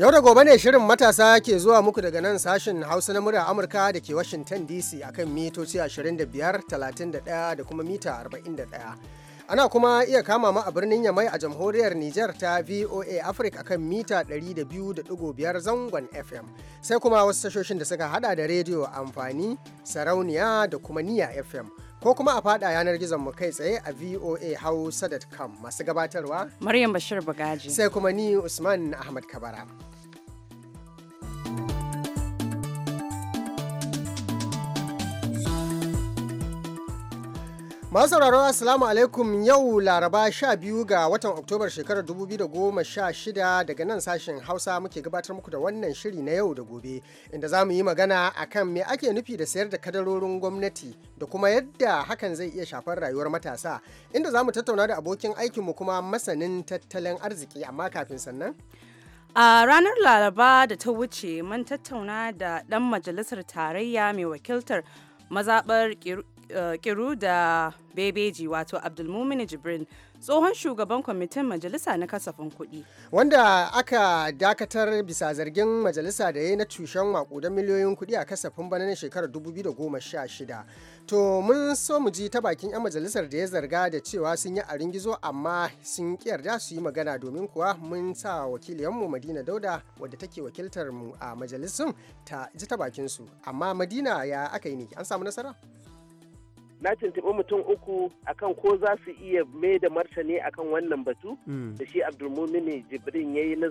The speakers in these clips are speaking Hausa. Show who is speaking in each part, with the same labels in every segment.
Speaker 1: Yau da gobe ne shirin matasa ke zuwa muku daga nan sashen Hausa na murya Amurka da ke Washington DC akan mitoci 25, 31 da kuma mita 41. Ana kuma iya kama mu a birnin Yamai a jamhuriyar Nijar ta VOA Africa akan mita 200.5 zangon FM. Sai kuma wasu tashoshin da suka hada da rediyo amfani, sarauniya da kuma niya FM. ko kuma a fada yanar gizon mu kai tsaye a voa hausa.com masu gabatarwa
Speaker 2: maryam bashir bagaji sai
Speaker 1: kuma ni usman ahmad kabara Masu sauraro Assalamu alaikum yau Laraba 12 ga watan Oktobar shekarar 2016 daga nan sashen Hausa muke gabatar muku da wannan shiri na yau da gobe inda za mu yi magana akan me ake nufi da sayar da kadarorin gwamnati da kuma yadda hakan zai iya shafar rayuwar matasa inda za mu tattauna da abokin aikinmu kuma masanin tattalin arziki amma kafin
Speaker 2: sannan. A ranar Laraba da ta wuce mun tattauna da ɗan majalisar tarayya mai wakiltar mazaɓar kiru eh, da bebeji wato abdulmumin jibril tsohon shugaban kwamitin majalisa na kasafin kuɗi
Speaker 1: wanda aka dakatar bisa zargin majalisa da ya na cushen makudan miliyoyin kuɗi a kasafin bana na shekarar 2016 to mun so mu ji ta bakin 'yan majalisar da ya zarga da cewa sun yi arin gizo amma sun ki yarda su yi magana domin kuwa mun sa wakiliyanmu madina dauda wadda take wakiltar mu a majalisun ta ji ta bakin su amma madina ya aka yi ne an samu nasara
Speaker 3: na tuntuɓi mutum uku akan ko za su iya mai da martani akan wannan batu mm. da shi abdulmumini jibrin ya yi na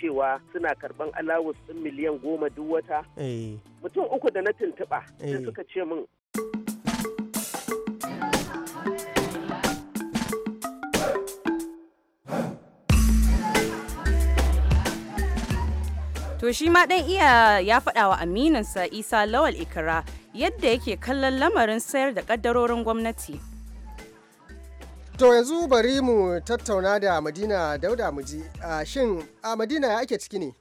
Speaker 3: cewa suna karɓan alawus ɗin miliyan goma duk wata eh. mutum uku da na tuntuɓa da eh. suka ce min
Speaker 2: To shi ma ɗan iya ya faɗa wa aminansa Isa Lawal Ikra yadda yake kallon lamarin sayar da kaddarorin gwamnati.
Speaker 1: To yanzu bari mu tattauna da Madina Dauda muji. Shin a Madina ya ake ciki ne?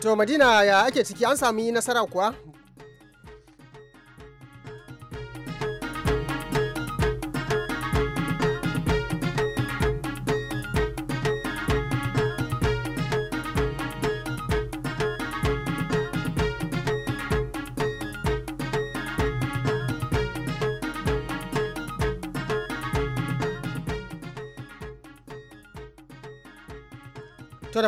Speaker 1: To Madina ya ake ciki an sami nasara kuwa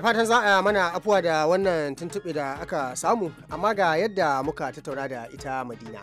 Speaker 1: da fatan za a mana afuwa da wannan tuntuɓe da aka samu amma ga yadda muka tattauna da ita madina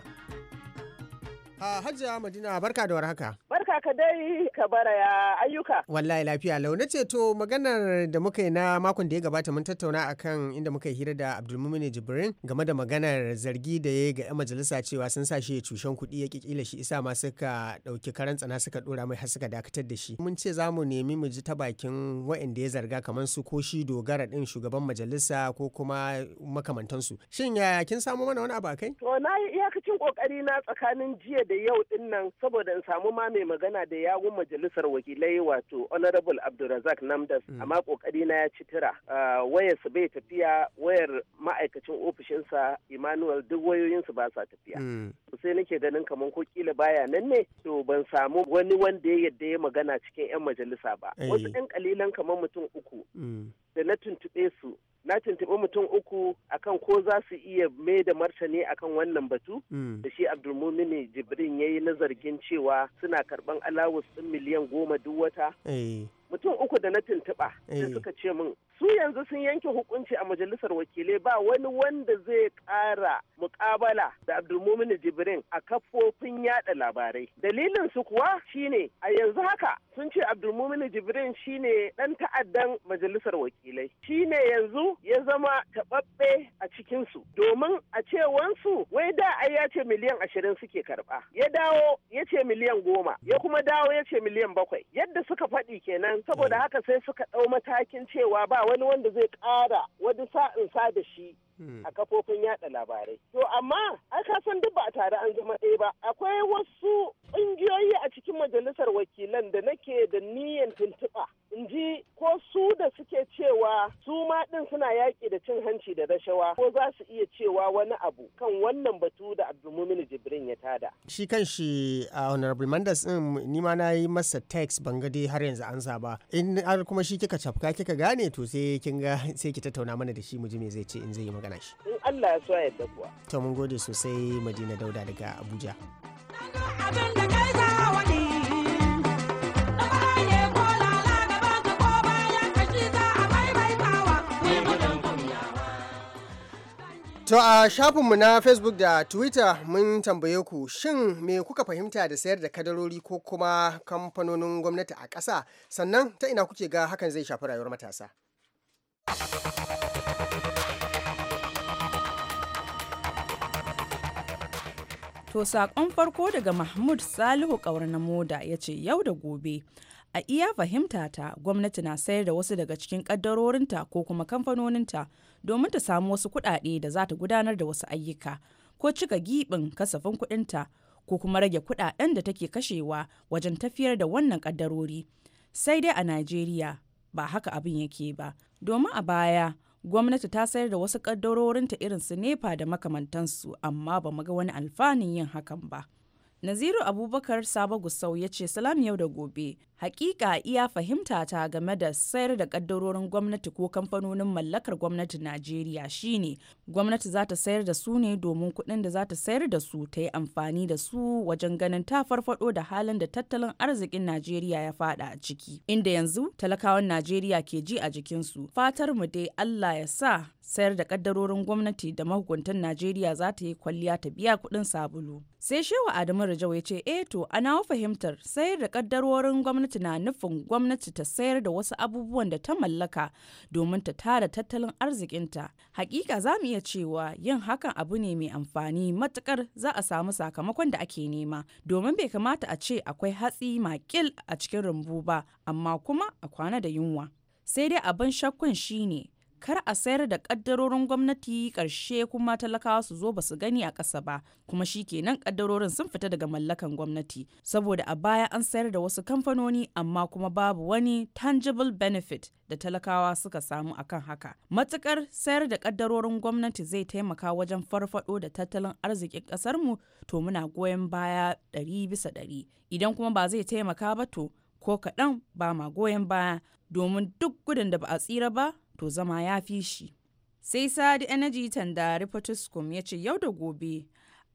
Speaker 1: a ah, hajiya madina barka da warhaka Barka ka dai ka bara ya ayyuka. Wallahi lafiya launa ce to maganar da muka yi na makon da ya gabata mun tattauna akan inda muka yi hira da Abdulmumin Jibrin game da maganar zargi da ya ga 'yan majalisa cewa sun sa shi ya cushen kuɗi ya kikila shi isa ma suka ɗauki karan tsana suka ɗora mai har suka dakatar da shi. Mun ce za mu nemi mu ji ta bakin waɗanda ya zarga kamar su ko shi dogara ɗin shugaban majalisa ko kuma makamantansu. Shin ya kin samu mana wani abu akai?
Speaker 3: To na yi iyakacin ƙoƙari na tsakanin jiya da yau ɗin nan saboda in samu ma mai magana da yawun majalisar wakilai wato honorable abdulrazak namdas mm. amma kokari na ya ci tira ah, wayar bai tafiya wayar ma'aikacin ofishinsa emmanuel duk wayoyinsu ba sa tafiya mm. sai nake ganin kamar ko kila baya nan ne to ban samu wani wanda ya yadda ya magana cikin 'yan majalisa ba eh. wasu 'yan kalilan kamar mutum uku mm. da na tuntuɓe su na tuntuɓi mutum uku akan ko za su iya mai da martani akan wannan batu mm. da shi abdulmumini jibrin ya yi na zargin cewa suna karɓan alawus ɗin miliyan goma duk wata eh. mutum uku da na tuntuɓa da eh. suka ce min su yanzu sun yanke hukunci a majalisar wakilai ba wani wanda zai ƙara mukabala da abdulmumin jibrin a kafofin yada labarai dalilin su kuwa shine a yanzu haka sun ce abdulmumin jibrin shine dan ta'addan majalisar wakilai shine yanzu ya zama taɓaɓɓe a cikin su domin a cewansu wai da ai ya ce miliyan ashirin suke karɓa ya dawo ya ce miliyan goma ya kuma dawo ya ce miliyan bakwai yadda suka faɗi kenan kenan saboda mm. haka sai suka ɗau matakin cewa ba wani wanda zai ƙara wani sa'insa sa da shi Hmm. a kafofin yada labarai. To amma ai ka san duk ba tare an zama ɗaya ba. Akwai wasu ƙungiyoyi a cikin majalisar wakilan da nake da niyyar tuntuɓa. In ji ko su da suke cewa su ma ɗin suna yaƙi da cin hanci da rashawa ko za su iya cewa wani abu kan wannan batu da Abdulmumin Jibrin ya tada.
Speaker 1: Shi kan shi a uh, Honorable Mandas ɗin ni ma na yi masa text ban ga dai har yanzu ansa ba. In har kuma shi kika cafka kika gane to sai kin sai ki tattauna mana da shi mu ji me zai ce in zai yi magana. magana shi
Speaker 3: in Allah ya so ya yarda kuwa
Speaker 1: to mun gode sosai Madina Dauda daga Abuja
Speaker 2: da
Speaker 1: To a shafinmu na Facebook da Twitter mun tambaye ku shin me kuka fahimta da sayar da kadarori ko kuma kamfanonin gwamnati a ƙasa sannan ta ina kuke ga hakan zai shafi rayuwar matasa.
Speaker 2: To saƙon farko daga Mahmud Salihu Kaur na Moda ya ce yau da gobe. A iya fahimta ta gwamnati na sayar da wasu daga cikin ƙaddarorinta ko kuma kamfanoninta domin ta samu wasu kuɗaɗe da za ta gudanar da wasu ayyuka ko cika giɓin kasafin kuɗinta ko kuma rage kuɗaɗen da take kashewa wajen tafiyar da wannan ƙaddarori. Sai dai a Najeriya ba haka abin yake ba. Domin a baya gwamnati ta sayar da wasu ƙaddarorinta irin su nepa da makamantansu amma ba mu ga wani alfanin yin hakan ba naziru abubakar sabo gusau ya ce salam yau da gobe Hakika iya fahimta ta game da sayar da kaddarorin gwamnati ko kamfanonin mallakar gwamnati Najeriya shine gwamnati za ta sayar da su ne domin kuɗin da za ta sayar da su ta yi amfani da su wajen ganin ta farfado da halin da tattalin arzikin Najeriya ya fada a ciki. Inda yanzu talakawan Najeriya ke ji a jikinsu. Fatar mu dai Allah ya sa sayar da kaddarorin gwamnati da mahukuntan Najeriya za ta yi kwalliya ta biya kuɗin sabulu. Sai Shehu Adamu Rajau ya ce, "Eh to, ana fahimtar sayar da kaddarorin gwamnati gwamnati na nufin gwamnati ta sayar da wasu abubuwan da ta mallaka domin ta tara tattalin arzikinta. Hakika za mu iya cewa yin hakan abu ne mai amfani matukar za a samu sakamakon da ake nema domin bai kamata a ce akwai hatsi makil a cikin rumbu ba amma kuma a kwana da yunwa. Sai dai abin shakkun shine kar a sayar da kaddarorin gwamnati karshe kuma talakawa su zo basu gani a ƙasa ba kuma shi kenan kaddarorin sun fita daga mallakan gwamnati saboda a baya an sayar da wasu kamfanoni amma kuma babu wani tangible benefit da talakawa suka samu akan haka matukar sayar da kaddarorin gwamnati zai taimaka wajen farfado da tattalin arzikin mu to muna goyon baya ɗari bisa ɗari idan kuma ba zai taimaka ba to ko kaɗan ba ma goyon baya domin duk gudun da ba a tsira ba to zama ya fi shi. Sai Sadi Energy Tandari Potiskum ya ce yau da gobe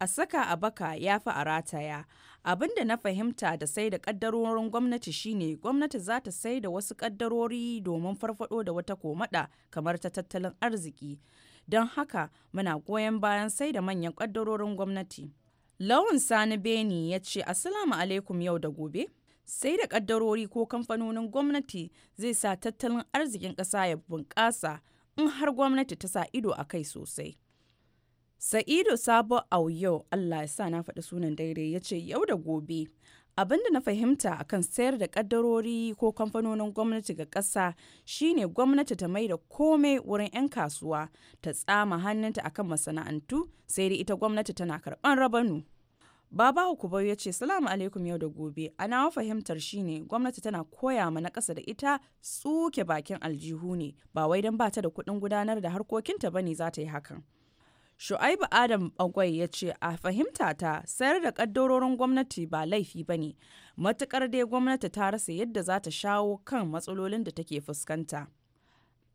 Speaker 2: a saka a baka ya fi a rataya. Abin da na fahimta da sai da kaddarorin gwamnati shine gwamnati za ta sai da wasu kaddarori domin farfado da wata komada kamar ta tattalin arziki. Don haka muna goyon bayan sai da manyan kaddarorin gwamnati. Lawan Sani Beni ya ce Assalamu alaikum yau da gobe. sai da kaddarori ko kamfanonin gwamnati zai sa tattalin arzikin ƙasa ya bunƙasa in har gwamnati ta sa ido a kai sosai. Sa'ido Sabo Auyo Allah ya sa na faɗi sunan daidai ya ce yau da gobe abin da na fahimta akan sayar da kaddarori ko kamfanonin gwamnati ga ƙasa shine gwamnati ta mai da komai wurin 'yan kasuwa ta tsama hannunta akan masana'antu sai dai ita gwamnati tana karɓan rabanu. Babawo Kubo ya ce salamu alaikum yau da gobe a nawa fahimtar shine gwamnati tana koya mana ƙasa da ita tsuke bakin aljihu ne ba wai don bata da kuɗin gudanar da harkokinta bane za ta yi hakan. Shu'aibu Adam Bagwai ya ce a fahimta ta sayar da ƙaddarorin gwamnati ba laifi ba ne matuƙar dai gwamnati ta rasa yadda za ta shawo kan matsalolin da take fuskanta.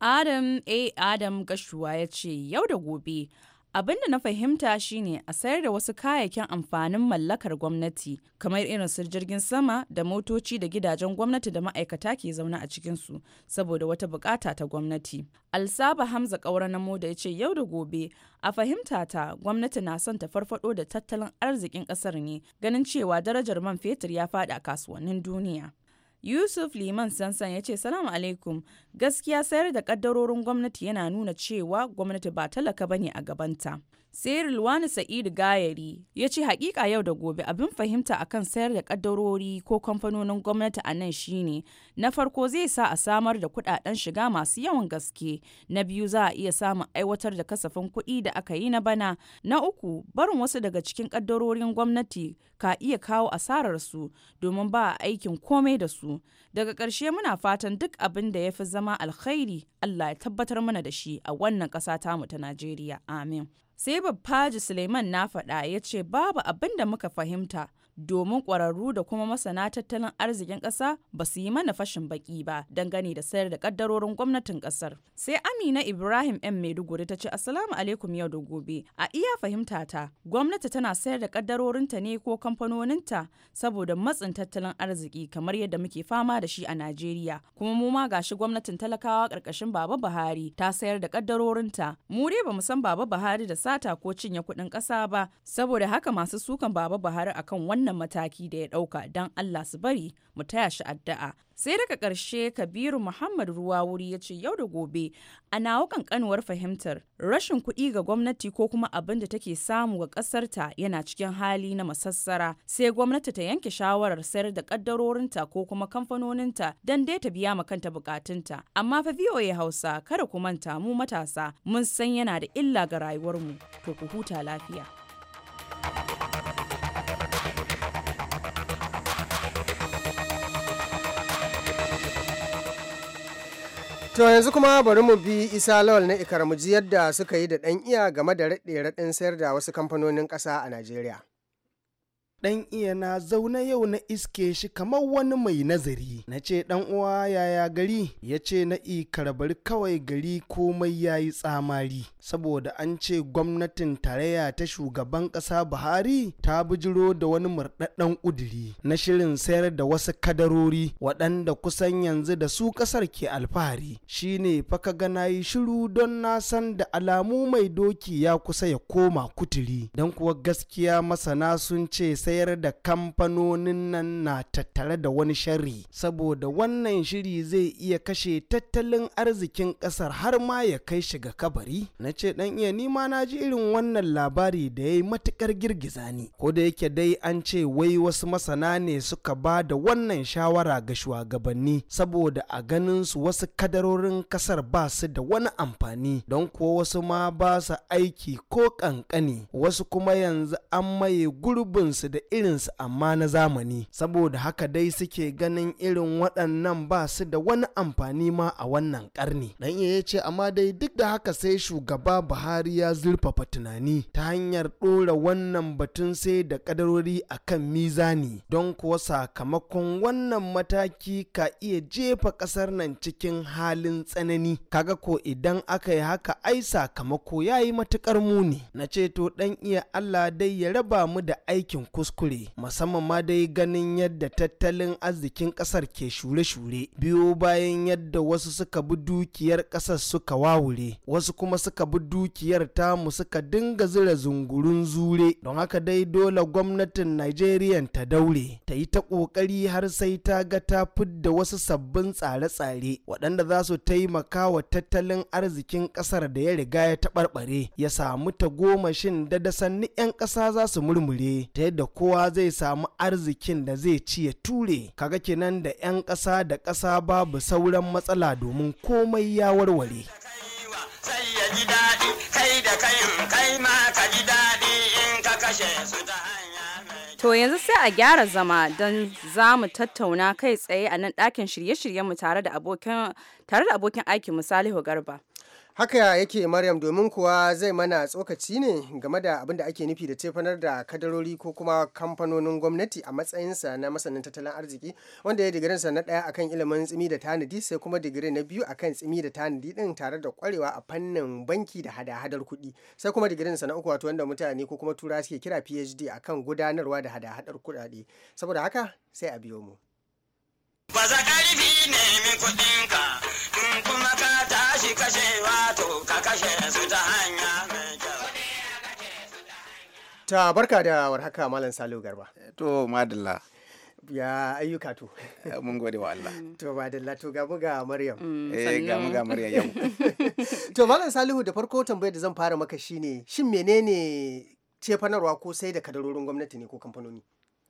Speaker 2: Adam A. Adam Gashuwa ya ce yau da gobe Abin da na fahimta shine a sayar da wasu kayayyakin amfanin mallakar gwamnati kamar irin su jirgin sama da motoci da gidajen gwamnati da ma'aikata ke zaune a cikinsu saboda wata bukata ta gwamnati. Alsaba Hamza Kaura na Moda ya ce yau da gobe a fahimtata gwamnati na son ta farfado da tattalin arzikin kasar ne ganin cewa darajar man fetur ya faɗi a kasuwannin duniya. Yusuf Liman Sansan ya ce salamu alaikum gaskiya sayar da kaddarorin gwamnati yana nuna cewa gwamnati ba talaka bane a gabanta. sayar Luwani Sa'idu Gayari ya ce hakika yau da gobe abin fahimta akan sayar da kaddarori ko kamfanonin gwamnati a nan shine na farko zai sa a samar da kudaden shiga masu yawan gaske na biyu za a iya samun aiwatar da kasafin kuɗi da aka yi na bana na uku barin wasu daga cikin kaddarorin gwamnati ka iya kawo asarar su domin ba a aikin komai da su daga ƙarshe muna fatan duk abin da ya fi zama alkhairi Allah ya tabbatar mana da shi a wannan ƙasa tamu ta Najeriya amin sai babbaji suleiman na faɗa ya ce babu abin da muka fahimta domin ƙwararru da kuma masana tattalin arzikin ƙasa ba su yi mana fashin baki ba dangane da sayar da ƙaddarorin gwamnatin ƙasar. Sai Amina Ibrahim M Maiduguri ta ce Assalamu alaikum yau da gobe. A iya fahimta ta, gwamnati tana sayar da ƙaddarorinta ne ko kamfanoninta saboda matsin tattalin arziki kamar yadda muke fama da shi a Najeriya. Kuma mu ma gashi gwamnatin talakawa ƙarƙashin Baba Buhari ta sayar da ƙaddarorinta. Mu dai bamu san Baba Buhari da sata ko cinye kuɗin ƙasa ba saboda haka masu sukan Baba Buhari akan wannan wannan mataki da ya ɗauka don Allah su bari mu taya shi addu'a. Sai daga ƙarshe Kabiru Muhammad Ruwa wuri ya ce yau da gobe a nawa ƙanƙanuwar fahimtar rashin kuɗi ga gwamnati ko kuma abin da take samu ga ƙasarta yana cikin hali na masassara sai gwamnati ta yanke shawarar sayar da ƙaddarorinta ko kuma kamfanoninta don dai ta biya ma kanta buƙatunta. Amma fa VOA Hausa kada ku manta mu matasa mun san yana da illa ga rayuwarmu to ku huta lafiya.
Speaker 1: To yanzu kuma bari mu bi Isa Lawal na Ikar ji yadda suka yi da ɗan iya game da raɗe-raɗin sayar da wasu kamfanonin ƙasa a Najeriya.
Speaker 4: ɗan iya na zaune yau na iske shi kamar wani mai nazari na ce ɗan uwa yaya gari ya ce na i karbari kawai gari komai yayi tsamari saboda an ce gwamnatin tarayya ta shugaban ƙasa buhari ta bijiro da wani murɗaɗɗen ƙuduri na shirin sayar da wasu kadarori waɗanda kusan yanzu da su ƙasar ke alfahari shine faka gana yi shiru don na san da alamu mai doki ya kusa ya koma kuturi don kuwa gaskiya masana sun ce sayar da kamfanonin nan na tattare da wani sharri saboda wannan shiri zai iya kashe tattalin arzikin ƙasar har ma ya kai shiga kabari na ce dan iya ni ma na ji irin wannan labari da ya yi matukar girgiza ni ko da yake dai an ce wai wasu masana ne suka ba da wannan shawara ga shugabanni saboda a ganin su wasu kadarorin kasar ba su da wani amfani don ko wasu ma ba su aiki ko kankani wasu kuma yanzu an maye gurbin su da irinsu amma na zamani saboda haka dai suke ganin irin waɗannan ba su da wani amfani ma a wannan ƙarni dan iya ya ce amma dai duk da haka sai shugaban gaba buhari ya zurfafa tunani ta hanyar ɗora wannan batun sai da kadarori a kan mizani don kuwa sakamakon wannan mataki ka iya jefa ƙasar nan cikin halin tsanani kaga ko idan aka yi haka ai sakamako ya yi matuƙar muni na ce to ɗan iya allah dai ya raba mu da aikin kuskure musamman ma dai ganin yadda tattalin arzikin ƙasar ke shure-shure biyo bayan yadda wasu suka bi dukiyar ƙasar suka wawure wasu kuma suka abu dukiyar tamu suka dinga zira zungurun zure don haka dai dole gwamnatin nigerian ta daure ta yi ta ƙoƙari har sai ta ga ta fidda wasu sabbin tsare-tsare waɗanda za su taimaka wa tattalin arzikin ƙasar da ya riga ya taɓarɓare ya samu ta gomashin da da sanni 'yan ƙasa za su murmure ta yadda kowa zai samu arzikin da zai ci ya ture kaga kenan da 'yan ƙasa da ƙasa babu sauran matsala domin komai ya warware.
Speaker 3: kai da kai kai ma ji daɗi in ka kashe su ta
Speaker 2: To yanzu sai a gyara zama don za mu tattauna kai tsaye a nan ɗakin shirye-shiryenmu tare da abokin aikinmu Salihu Garba.
Speaker 1: Haka yake Maryam domin kuwa zai mana tsokaci ne game da abin da ake nufi da tefanar da kadarori ko kuma kamfanonin gwamnati a matsayinsa na masanin tattalin arziki wanda ya digirin sa na ɗaya akan ilimin tsimi da tanadi sai kuma digiri na biyu akan tsimi da tanadi din tare da kwarewa a fannin banki da hada-hadar kuɗi sai kuma digirin sa na uku wato wanda mutane ko kuma tura suke kira PhD akan gudanarwa da hada-hadar kuɗaɗe saboda haka sai a biyo mu.
Speaker 3: ƙarfi in kuma ka tashi ka kashe su ta hanya mai
Speaker 1: Ta barka da warhaka Malam Salihu Garba. To, madalla. ya ayyuka to eh, mun gode wa Allah to madalla to ga ga Maryam eh gamu mu ga Maryam mm, eh, yau to malam Salihu da farko tambayar da zan fara maka shine shin menene fanarwa ko sai da kadarorin gwamnati ne ko kamfanoni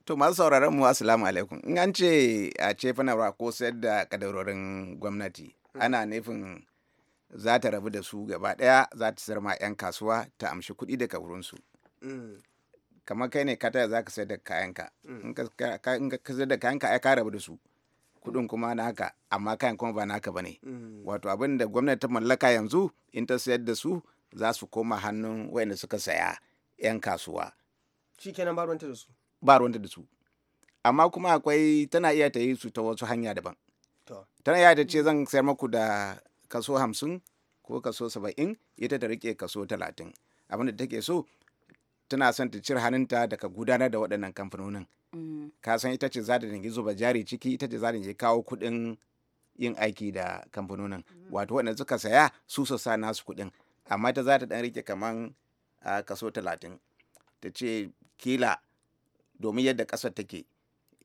Speaker 5: To masu sauraron mu assalamu alaikum. In an ce a ce fanarwa ko sayar da kadarorin gwamnati hmm. ana nufin za ta rabu da su gaba ɗaya za ta sayar ma 'yan kasuwa ta amshi kuɗi daga wurinsu. Hmm. Kamar kai ne ka taya za ka sayar da kayanka. Hmm. In ka sayar da kayanka ai ka rabu da su. Kuɗin kuma na haka amma kayan kuma ba naka ba ne. Wato abin da gwamnati ta mallaka yanzu in ta sayar da su za su koma hannun wayanda suka saya 'yan kasuwa.
Speaker 1: Shi kenan ba ruwanta da su.
Speaker 5: ba ruwanta da su amma kuma akwai tana iya ta yi su ta wasu hanya daban tana iya ta ce zan sayar maku da kaso hamsin ko kaso saba'in ita ta rike kaso talatin abinda take so tana son ta cire hannunta daga gudanar da waɗannan kamfanonin mm. ka san ita ce za ta dinga zuba jari ciki ita ce za ta kawo kuɗin yin aiki da kamfanonin mm. wato waɗanda suka saya su su sa nasu kuɗin amma ta za ta ɗan rike kaman ah, kaso talatin ta ce kila domin yadda ƙasar take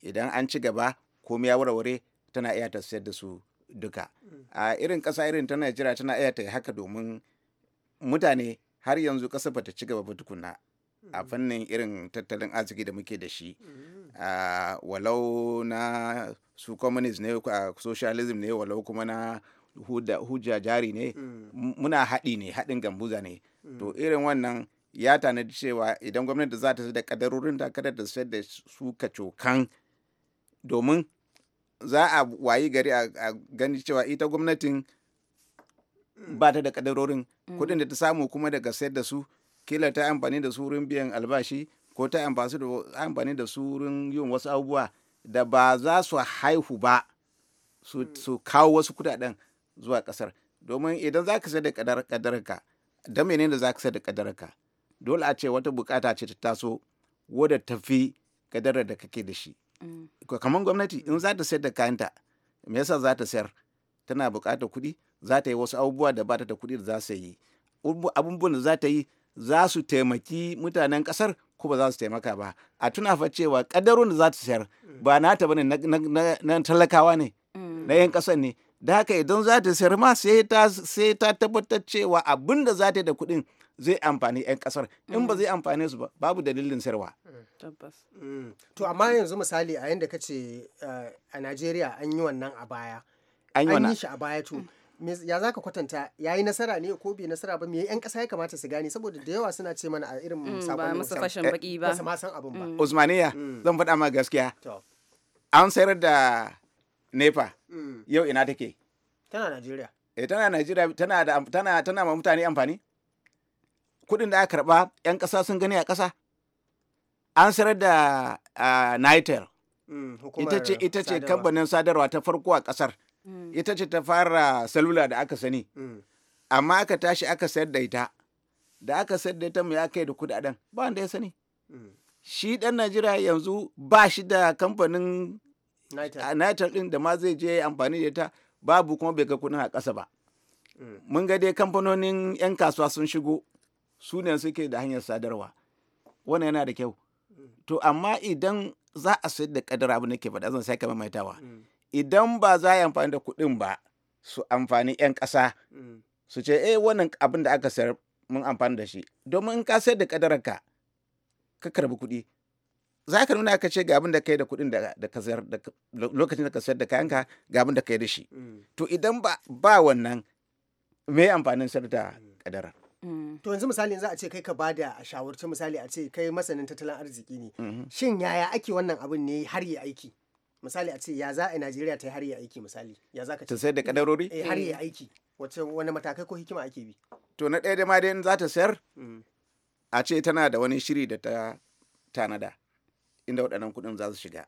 Speaker 5: idan an ci gaba komai ya warware tana iya ta sayar da su duka mm. a irin ƙasa irin ta najeriya tana iya ta haka domin mutane har yanzu ƙasa bata ci gaba ba tukuna a mm. fannin irin tattalin arziki da muke da shi mm. walau na su communist ne socialism ne walau kuma na hujja jari ne muna haɗi ne haɗin gambuza ne to irin wannan ya tanadi cewa idan gwamnati za ta da kadarorin ta kada da sayar da su kacokan domin za a wayi gari a gani cewa ita gwamnatin ba ta da kadarorin mm. kuɗin da ta samu kuma daga sayar da su kila ta amfani da su biyan albashi ko ta amfani da su yin wasu abubuwa da ba za su haihu ba su mm. kawo wasu kudaden zuwa kasar domin idan za ka sai da kadarka menene da za ka da kadarka dole a ce wata bukata ce ta taso wadda tafi kadarar da kake da shi mm. kamar gwamnati in za ta sayar da kayanta me yasa za ta sayar tana bukatar kuɗi za ta yi wasu abubuwa da ba ta da kuɗi da za su yi abubuwan da za ta yi za su taimaki mutanen ƙasar ko ba za su taimaka ba a tuna fa cewa kadarun da za ta sayar mm. ba na nata bane na talakawa ne mm. na 'yan ƙasar ne da haka idan za ta sayar ma sai ta sai ta tabbatar cewa abin da za ta da kuɗin zai amfani 'yan kasar in ba mm. zai amfane su ba babu dalilin sayarwa
Speaker 1: mm. tabbas mm. to amma yanzu misali a yanda kace eh, a Najeriya an yi wannan a baya an yi shi a baya to ya za ka kwatanta ya yi nasara ne ko bai nasara ba me yan kasa ya kamata su gane saboda da yawa suna ce mana a irin sakon musu fashin baki ba ba san abin ba Usmaniya zan
Speaker 5: faɗa ma gaskiya an sayar da nepa mm. yau ina take tana najeriya eh tana najeriya tana da tana tana ma mutane amfani kuɗin da aka karba 'yan ƙasa sun gani a ƙasa an sarar da nitel
Speaker 1: mm, ita ce kamfanin
Speaker 5: sadarwa ta farko a ƙasar mm. ita ce ta fara salula da aka sani amma aka tashi aka sayar da ita da aka sayar da ita mai aka yi da kudaden ba wanda ya sani shi dan najeriya yanzu ba shi da kamfanin nital din da ma zai je amfani da ta babu kuma bai ga kuɗin a ƙasa ba mm. mun ga dai kamfanonin 'yan kasuwa sun shigo su ne suke da hanyar sadarwa wannan yana da kyau mm. to amma idan za a sayar da kadar abu nake faɗa zan sai kamar maitawa mm. idan ba za a yi amfani da kuɗin ba su amfani 'yan ƙasa su ce eh wannan abin da aka sayar mun amfani da shi domin in ka sayar da kadararka ka karbi kuɗi za ka nuna ka ce ga abin da kai da kuɗin da ka sayar da lokacin da ka sayar da kayanka ga abin da kai da shi mm. to idan ba ba wannan me amfanin sayar da kadara
Speaker 1: mm. mm. to yanzu misali za a ce kai ka bada a shawarci misali a ce kai masanin tattalin arziki ne mm-hmm. shin yaya ake wannan abin ne har yi aiki misali a ce ya za a Najeriya ta yi har yi aiki misali ya za
Speaker 5: ka ta sayar da kadarori eh har yi eh.
Speaker 1: aiki wace wani matakai ko hikima ake bi
Speaker 5: to na ɗaya da ma dai za ta sayar a ce tana da wani shiri da ta tanada inda waɗannan kuɗin za su shiga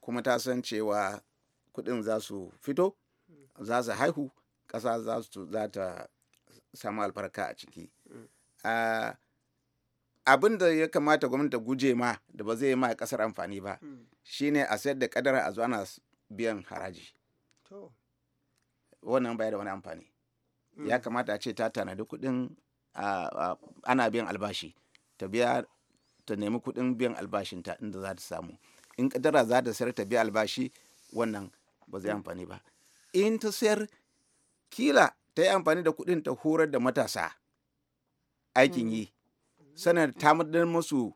Speaker 5: kuma ta san cewa kuɗin za su fito za su haihu ƙasa za su ta samu alfarka a ciki abin da ya kamata gwamnati guje ma da ba zai yi ma ƙasar amfani ba hmm. shine a sayar da kadara a zuwa biyan haraji wannan baya da wani amfani ya hmm. kamata a ce ta tanadi kuɗin ana biyan albashi ta biya ta nemi kudin biyan albashinta inda za ta samu in kadara za ta sayar ta biya albashi wannan ba zai amfani ba in ta sayar kila ta yi amfani da kudin ta horar da matasa aikin yi hmm. sanar ta madadar masu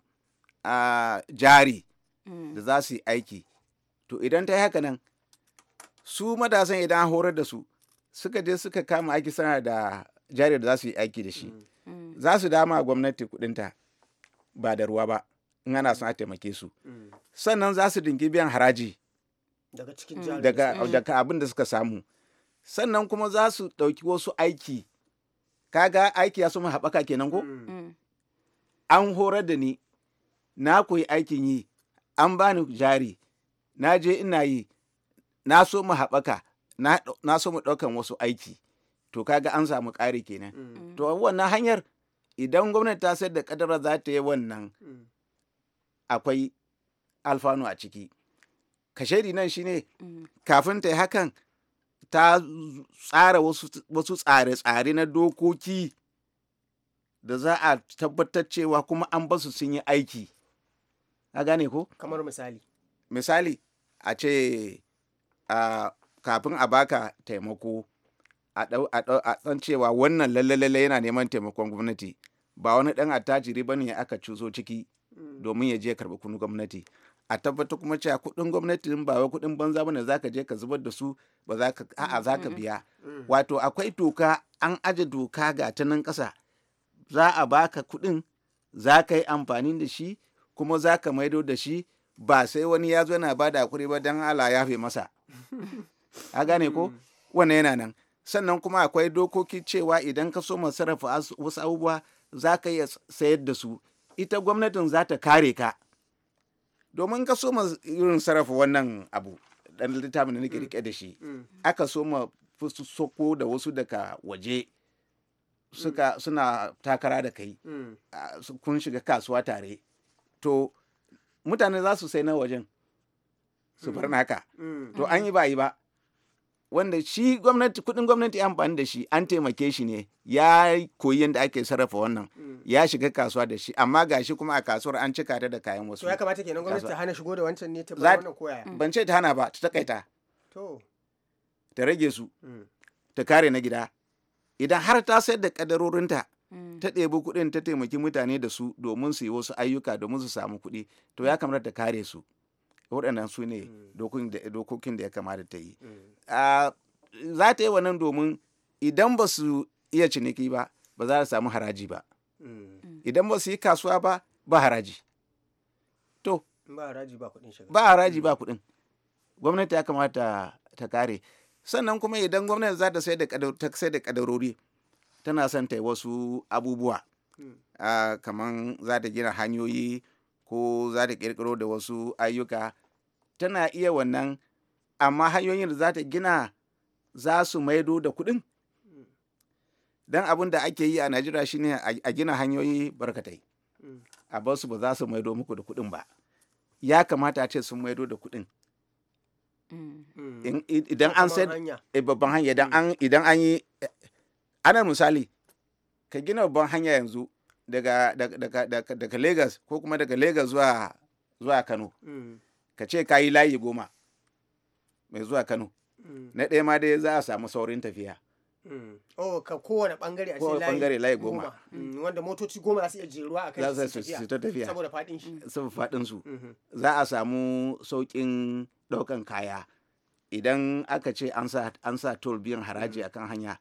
Speaker 5: jari hmm. da za su yi aiki to idan ta yi haka nan su matasan idan horar da su suka je suka kama aiki sana da jari da za su yi aiki da shi hmm. za su dama gwamnati ta. ba da ruwa ba in ana son a taimake su mm. sannan za su dingi biyan haraji
Speaker 1: mm. mm. daga
Speaker 5: abin da suka samu sannan kuma za su ɗauki wasu aiki kaga aiki ya suma haɓaka kenan ko an horar da ni na koyi aikin yi an bani jari na je ina yi na so mu haɓaka na so mu ɗaukan wasu aiki to kaga an samu ƙari kenan to wannan hanyar idan gwamnati ta sayar da kadara za ta yi wannan hmm. akwai alfanu a ciki kashedi nan shine hmm. kafin ta yi hakan ta tsara wasu tsare-tsare na dokoki da za a tabbatar cewa kuma an basu sun yi aiki a gane ko? kamar misali misali a ce kafin a baka taimako a ɗan cewa wannan lalle yana neman taimakon gwamnati ba wani dan attajiri bane ne aka cuzo ciki mm. domin ya je karɓi kunu gwamnati a tabbata kuma cewa kuɗin gwamnati ba wai kuɗin banza bane zaka je ka zubar da su ba za ka a'a za ka mm-hmm. biya mm. wato akwai doka an aje doka ga ta nan ƙasa za a baka kuɗin za ka yi amfani da shi kuma za ka maido da shi ba sai wani ya zo yana bada hakuri ba dan ala ya fi masa a gane ko mm. wannan yana nan sannan kuma akwai dokoki cewa idan ka so sarrafa wasu abubuwa za ka iya sayar da su ita gwamnatin za ta kare ka domin ka so ma irin sarrafa wannan abu dan littafin da nake mm. rike da shi mm. aka so ma soko da wasu daga waje suka mm. suna takara da kai kun shiga kasuwa tare to mutane za su sai na wajen su bar naka to an yi ba yi ba wanda shi gwamnati kudin gwamnati amfani da shi an taimake shi ne ya koyi yadda ake sarrafa wannan mm. ya shiga kasuwa da shi amma ga shi kuma a kasuwar an cika ta da kayan wasu. To ya kamata kenan gwamnati ta hana
Speaker 1: shigo da wancan ne ta bar wannan koya. Ban
Speaker 5: ce ta hana ba ta takaita. To. Ta rage su. Mm. Ta kare na gida. Idan har ta sayar da kadarorinta. Mm. ta ɗebi kuɗin ta taimaki mutane da su domin su yi wasu ayyuka domin su samu kuɗi to ya kamata ta kare su. waɗannan su ne mm. dokokin da ya kamata ta yi mm. za ta yi wannan domin idan ba su iya ciniki ba ba za su samu haraji ba mm. idan ba su yi kasuwa ba ba haraji to
Speaker 1: ba haraji ba
Speaker 5: kuɗin gwamnati ya kamata ta kare sannan kuma idan gwamnati za ta sai da kadarori tana son ta yi wasu abubuwa kamar za ta gina hanyoyi ko za ta kirkiro da wasu ayyuka tana iya wannan amma hanyoyin da za ta gina za su maido da kuɗin don abin da ake yi a najeriya shine a gina hanyoyi barkatai a basu ba za su maido muku da kuɗin ba ya kamata a ce sun maido da kuɗin mm. idan an sai eh, babban hanya idan an mm. yi eh, ana misali ka gina babban hanya yanzu daga daga daga daga Lagos ko kuma daga Lagos zuwa zuwa Kano mm. ka ce ka yi layi goma mai zuwa Kano mm. na ɗaya ma dai za a samu saurin tafiya
Speaker 1: mm. Oh, ka kowane bangare a cikin bangare layi goma wanda motoci goma za su iya jeruwa a kai su tafiya saboda fadin shi saboda
Speaker 5: fadin su mm-hmm. za a samu saukin daukan kaya idan aka ce an sa tol biyan haraji akan hanya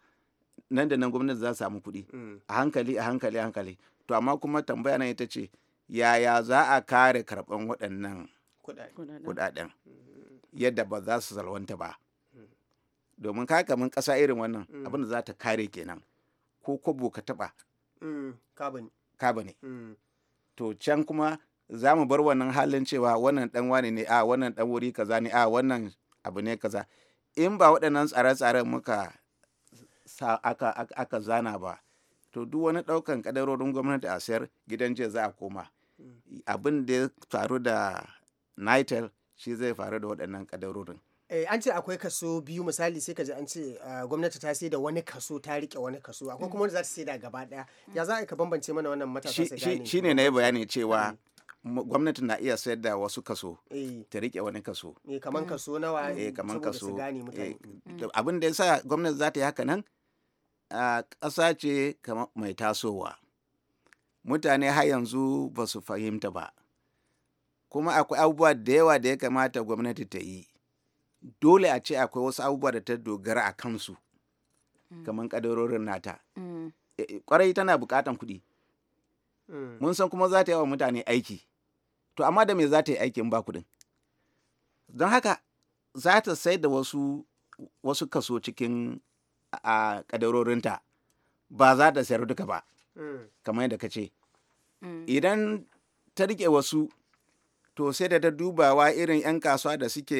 Speaker 5: nan da nan gwamnati za su samu kuɗi a hankali a hankali a hankali to amma kuma tambaya nan ita ce yaya za a kare karɓan waɗannan kuɗaɗen mm-hmm. yadda ba za su salwanta ba mm-hmm. domin ka mun ƙasa irin wannan mm. abin da za ta kare kenan ko kobo ka taɓa mm, kabane mm. to can kuma za mu bar wannan halin cewa wannan ɗan wane ne a wannan ɗan wuri kaza ne a wannan abu ne kaza in ba waɗannan tsare-tsaren muka sa aka zana ba to duk wani ɗaukan kadarorin gwamnati a sayar gidan jiya za a koma mm. abin da ya faru da nitel shi zai faru da waɗannan kadarorin
Speaker 1: Eh, an ce akwai kaso biyu misali sai ka ji an ce gwamnati ta sai da wani kaso ta rike wani kaso akwai kuma wanda za ta sai da gaba daya mm. ya za a ka bambance mana wannan matasa sai gane shi ne
Speaker 5: na yi bayani cewa mm. gwamnati na iya sayar da wasu kaso eh. ta rike wani kaso eh kaman kaso
Speaker 1: nawa eh kaman kaso eh,
Speaker 5: abin da yasa gwamnati za ta yi haka nan a ƙasa ce mai tasowa mutane har yanzu ba su fahimta ba kuma akwai abubuwa da yawa da ya kamata gwamnati ta yi dole a ce akwai wasu abubuwa da ta dogara a kansu mm. kamar kadarorin nata kwarai mm. e, e, tana bukatan kuɗi mm. mun san kuma za ta yi mutane aiki to amma da me za ta yi aikin ba kuɗin don haka za ta sai da wasu kaso cikin a kadarorinta ba za ta sayar duka ba hmm. kamar yadda ka ce hmm. idan ta rike wasu to sai da ta dubawa irin 'yan kasuwa da suke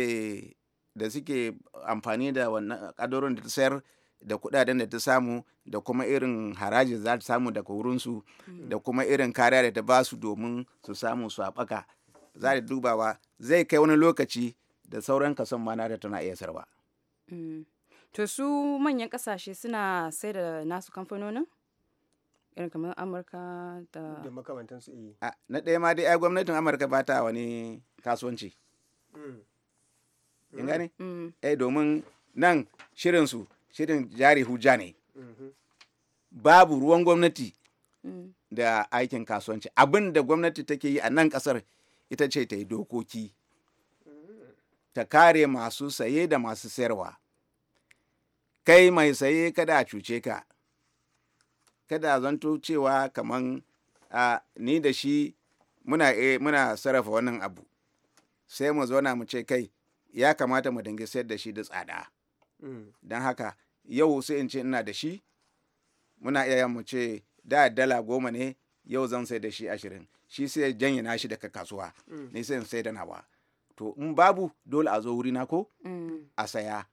Speaker 5: da suke amfani da wannan kadarorin da ta sayar da kudaden da ta samu da kuma irin haraji za ta samu daga wurinsu hmm. da kuma irin kariya da ta ba su domin su samu su haɓaka za ta dubawa zai kai wani lokaci da sauran kason mana da tana iya sarwa.
Speaker 2: to su manyan kasashe suna sai da nasu kamfanonin irin kamar amurka da makamantansu makamantansu eh.
Speaker 5: a na ɗaya ma dai ai gwamnatin amurka ba ta wani kasuwanci
Speaker 2: mm.
Speaker 1: in gane mm. Mm.
Speaker 5: eh domin nan shirinsu shirin jari hujja ne mm-hmm. babu ruwan gwamnati da aikin kasuwanci abin da gwamnati take yi a nan kasar ita ce ta yi dokoki ta kare masu saye da masu sayarwa kai mai saye kada a cuce ka kada zanto cewa kaman ni da shi muna e, muna sarrafa wannan abu sai mu zauna mu ce kai ya kamata mu dangi sayar da shi da tsada mm. don haka yau sai in ce ina da shi muna iya mu ce da dala goma ne yau zan sai da shi ashirin shi sai janye na shi daga kasuwa mm. ni sai in sai da nawa to in babu dole a zo wuri na ko mm. a saya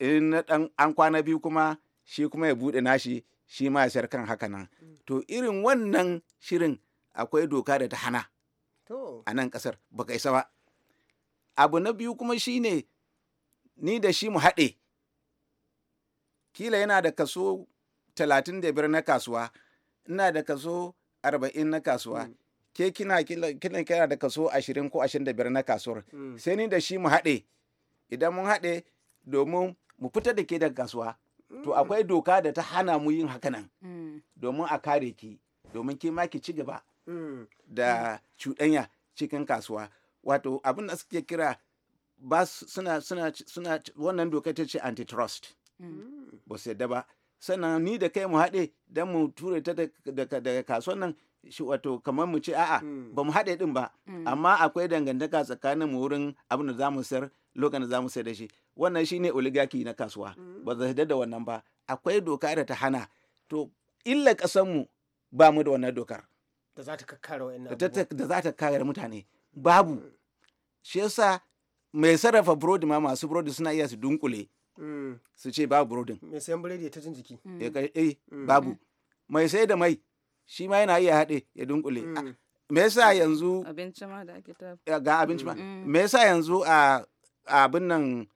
Speaker 5: in na dan an kwana biyu kuma shi kuma ya bude nashi shi ma ya sayar kan haka nan mm. to irin wannan shirin akwai doka da ta hana a nan kasar baka isa ba abu na biyu kuma shine ni da shi mu haɗe kila yana da kaso talatin da biyar na kasuwa ina da kaso arba'in na kasuwa mm. ke kina kila kina da kaso ashirin ko ashirin da biyar na kasuwar mm. sai ni da shi mu haɗe idan mun haɗe domin mu fita da ke daga kasuwa to mm. akwai doka da ta hana mu yin haka nan mm. domin a kare ki domin ke ma ki ci gaba mm. da cuɗanya cikin kasuwa wato abin da suke kira ba suna wannan doka ta ce antitrust ba su yadda ba sannan ni da kai mu haɗe don mu ture ta daga kasuwan nan shi wato kamar mu ce a'a ba mu haɗe ɗin ba amma akwai dangantaka tsakanin mu wurin abin da za mu sayar lokacin da za mu sai da shi wannan shi ne oligarchy na kasuwa mm. ba za da wannan ba akwai doka da ta hana to illa kasanmu ba mu da wannan dokar
Speaker 1: da za
Speaker 5: ta kakkare mutane babu shi yasa mai sarrafa burodi ma masu burodi suna iya su dunkule mm. su ce babu burodin mai
Speaker 1: sayan burodi ta jin jiki eh mm. babu
Speaker 5: mai sai da mai shi ma yana iya haɗe ya dunkule me yasa yanzu
Speaker 2: abinci ma da ake
Speaker 5: ta ga abinci ma me yasa yanzu a abin nan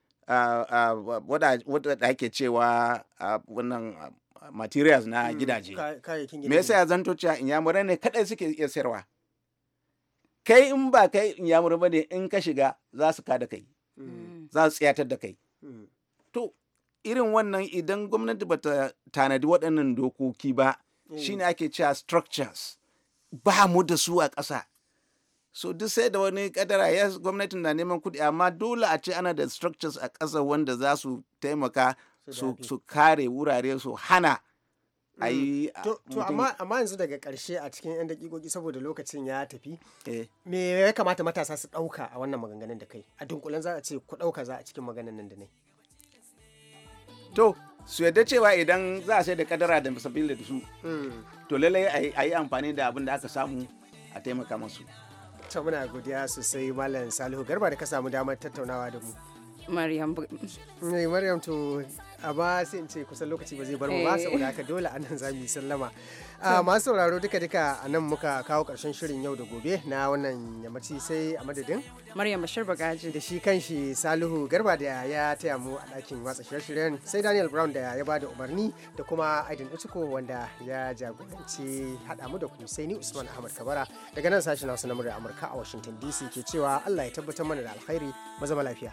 Speaker 5: wadda ake cewa wannan materials na mm, gidaje me yasa ya zanto cewa inyamurai ne kadai suke iya sayarwa kai in ba kai inyamurai ba ne in ka shiga za su ka da kai mm. za su tsayatar da kai mm. to irin wannan idan gwamnati ba ta tanadi waɗannan dokoki ba shine ake cewa structures ba mu da su a ƙasa so duk sai da wani kadara ya gwamnatin na neman kuɗi amma dole a ce ana da structures a ƙasa wanda za su taimaka su kare wurare su hana a mm. yi to amma
Speaker 1: yanzu daga karshe a cikin 'yan dakikoki saboda lokacin ya tafi eh. me ya kamata matasa su ɗauka a wannan maganganun da kai a dunkulen za a ce ku ɗauka za a cikin maganganun nan da nai
Speaker 5: to su yadda cewa idan za a sai da kadara da sabbin da su mm. to lallai ayi amfani da abin da aka samu a taimaka masu
Speaker 1: ta muna godiya sosai malam salihu garba da ka samu damar tattaunawa da mu maryam eh, to ba sai in ce kusan lokaci ba zai bar mu ba eh. saboda haka dole a nan za mu yi sallama masu sauraro duka duka a nan muka kawo karshen shirin yau da gobe na wannan yammaci sai a madadin maryam bashir bagaji da shi kanshi salihu garba da ya taya mu a ɗakin watsa shirye-shiryen sai daniel brown da ya bada umarni da kuma aidan utuko wanda ya jagoranci haɗa mu da ku sai ni usman ahmad kabara daga nan sashen hausa na murya amurka a washington dc ke cewa allah ya tabbatar mana da alkhairi mazama lafiya